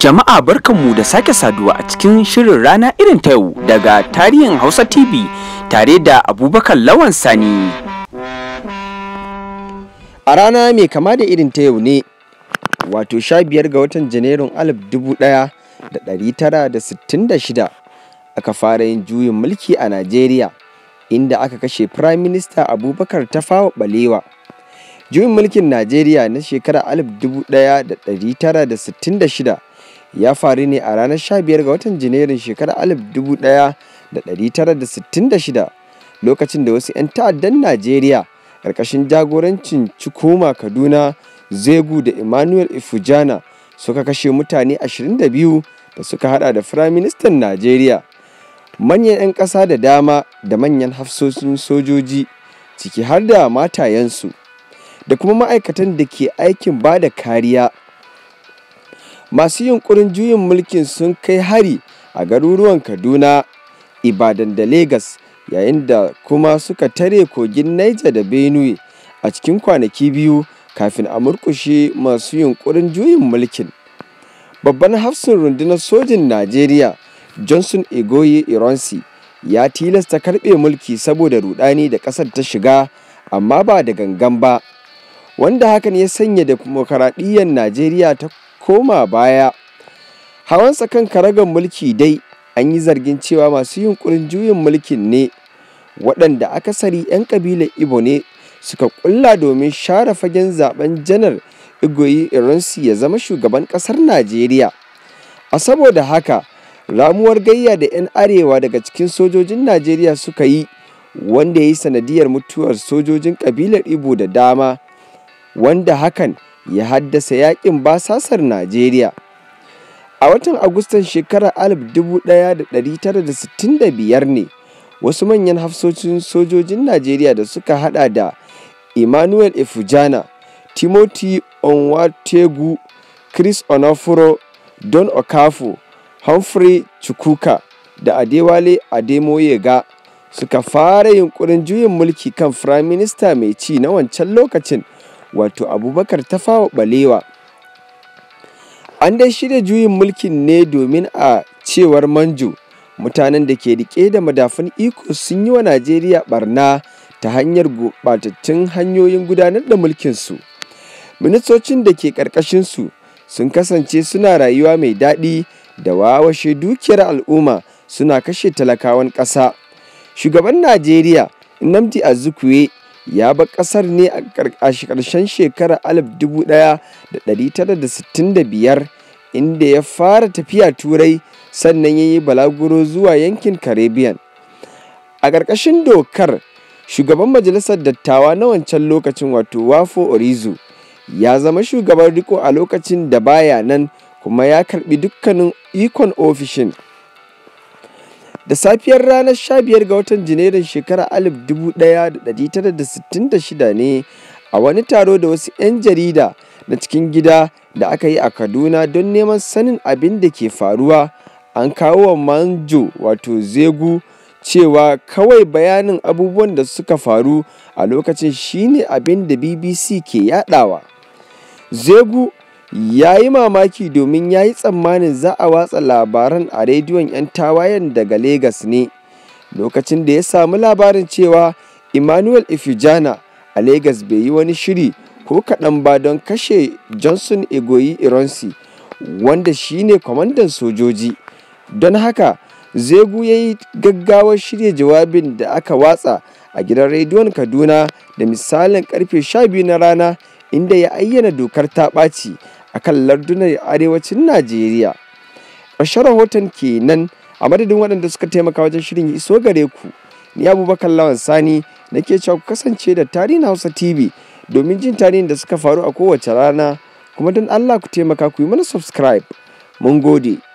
Jama'a barkanmu da sake saduwa a cikin shirin rana irin ta yau daga tarihin Hausa TV tare da Abubakar Lawan Sani. A rana mai kama da irin ta yau ne, wato sha biyar ga watan Janairun alif dubu ɗaya da ɗari tara da sittin da shida aka fara yin juyin mulki a Najeriya inda aka kashe firaminista Abubakar ta Tafawa Balewa. Juyin mulkin Najeriya na shekarar shida. ya faru ne a ranar 15 ga watan janairun shekarar 1966 lokacin da wasu 'yan ta'addan najeriya karkashin jagorancin Chukuma Kaduna Zegu da Emmanuel Ifujana suka kashe mutane 22 da suka hada da Firaministan Najeriya. Manyan 'yan ƙasa da dama da manyan hafsoshin sojoji ciki har da matayensu da kuma ma'aikatan da ke aikin ba da kariya masu yunkurin juyin mulkin sun kai hari a garuruwan kaduna ibadan da Legas, yayin da kuma suka tare kogin niger da benue a cikin kwanaki biyu kafin a murkushe masu yunkurin juyin mulkin babban hafsin rundunar sojin najeriya johnson egoye ironsi ya tilasta karbe mulki saboda rudani da kasar ta shiga amma ba da gangan ba wanda hakan ya sanya demokaradiyyar najeriya ta koma baya hawan kan karagar mulki dai an yi zargin cewa masu yunkurin juyin mulkin ne waɗanda akasari 'yan ƙabilar ibo ne suka kulla domin share fagen zaben janar igoyi ironsi ya zama shugaban ƙasar najeriya a saboda haka ramuwar gayya da 'yan arewa daga cikin sojojin najeriya suka yi wanda ya yi sanadiyar mutuwar sojojin ƙabilar ibo da dama wanda hakan ya haddasa yakin basasar Najeriya. A watan Agustan shekarar 1965 ne wasu manyan hafsocin sojojin Najeriya da suka hada da Emmanuel Efujana, Timothy Onwategu, Chris Onofuro, Don Okafo, Humphrey Chukuka da Adewale Ademoyega suka fara yunkurin juyin mulki kan Firaminista mai ci na wancan lokacin. wato abubakar ta tafawa balewa an dai shirya juyin mulkin ne domin a cewar manjo mutanen da ke rike da madafun iko sun yi wa najeriya barna ta hanyar gubatattun hanyoyin gudanar da mulkinsu ministocin da ke su sun kasance suna rayuwa mai daɗi da wawashe dukiyar al'umma suna kashe talakawan ƙasa shugaban najeriya nnamdi azikiwe ya ba ƙasar ne a ƙarshen shekarar 1965 inda ya fara tafiya turai sannan ya yi balaguro zuwa yankin caribbean a ƙarƙashin dokar shugaban majalisar dattawa na wancan lokacin wato wafo orizu ya zama shugaban riko a lokacin da baya nan kuma ya karbi dukkanin ikon ofishin da safiyar ranar 15 ga watan janairun shekarar 1966 ne a wani taro da wasu 'yan jarida na cikin gida da aka yi a kaduna don neman sanin abin da ke faruwa an kawo wa manjo wato zegu cewa kawai bayanin abubuwan da suka faru a lokacin shine abin da bbc ke yadawa zegu Ya yi mamaki domin ya yi tsammanin za a watsa labaran a rediyon 'yan tawayen daga Legas ne, lokacin da ya samu labarin cewa Emmanuel Ifijana a Legas bai yi wani shiri ko kaɗan ba don kashe Johnson Egoyi Ironsi, wanda shi ne kwamandan sojoji. Don haka, Zegu ya yi gaggawar shirya jawabin da aka watsa a gidan rediyon Kaduna da misalin karfe 12 na rana inda ya ayyana dokar ta ɓaci. a kan lardunan arewacin Najeriya. Ƙarshen rahoton kenan a madadin waɗanda suka taimaka wajen shirin iso gare ku. Ni Abubakar Lawan Sani nake cewa ku kasance da tarihin Hausa TV domin jin tarihin da suka faru a kowace rana kuma don Allah ku taimaka ku yi mana subscribe. Mun gode.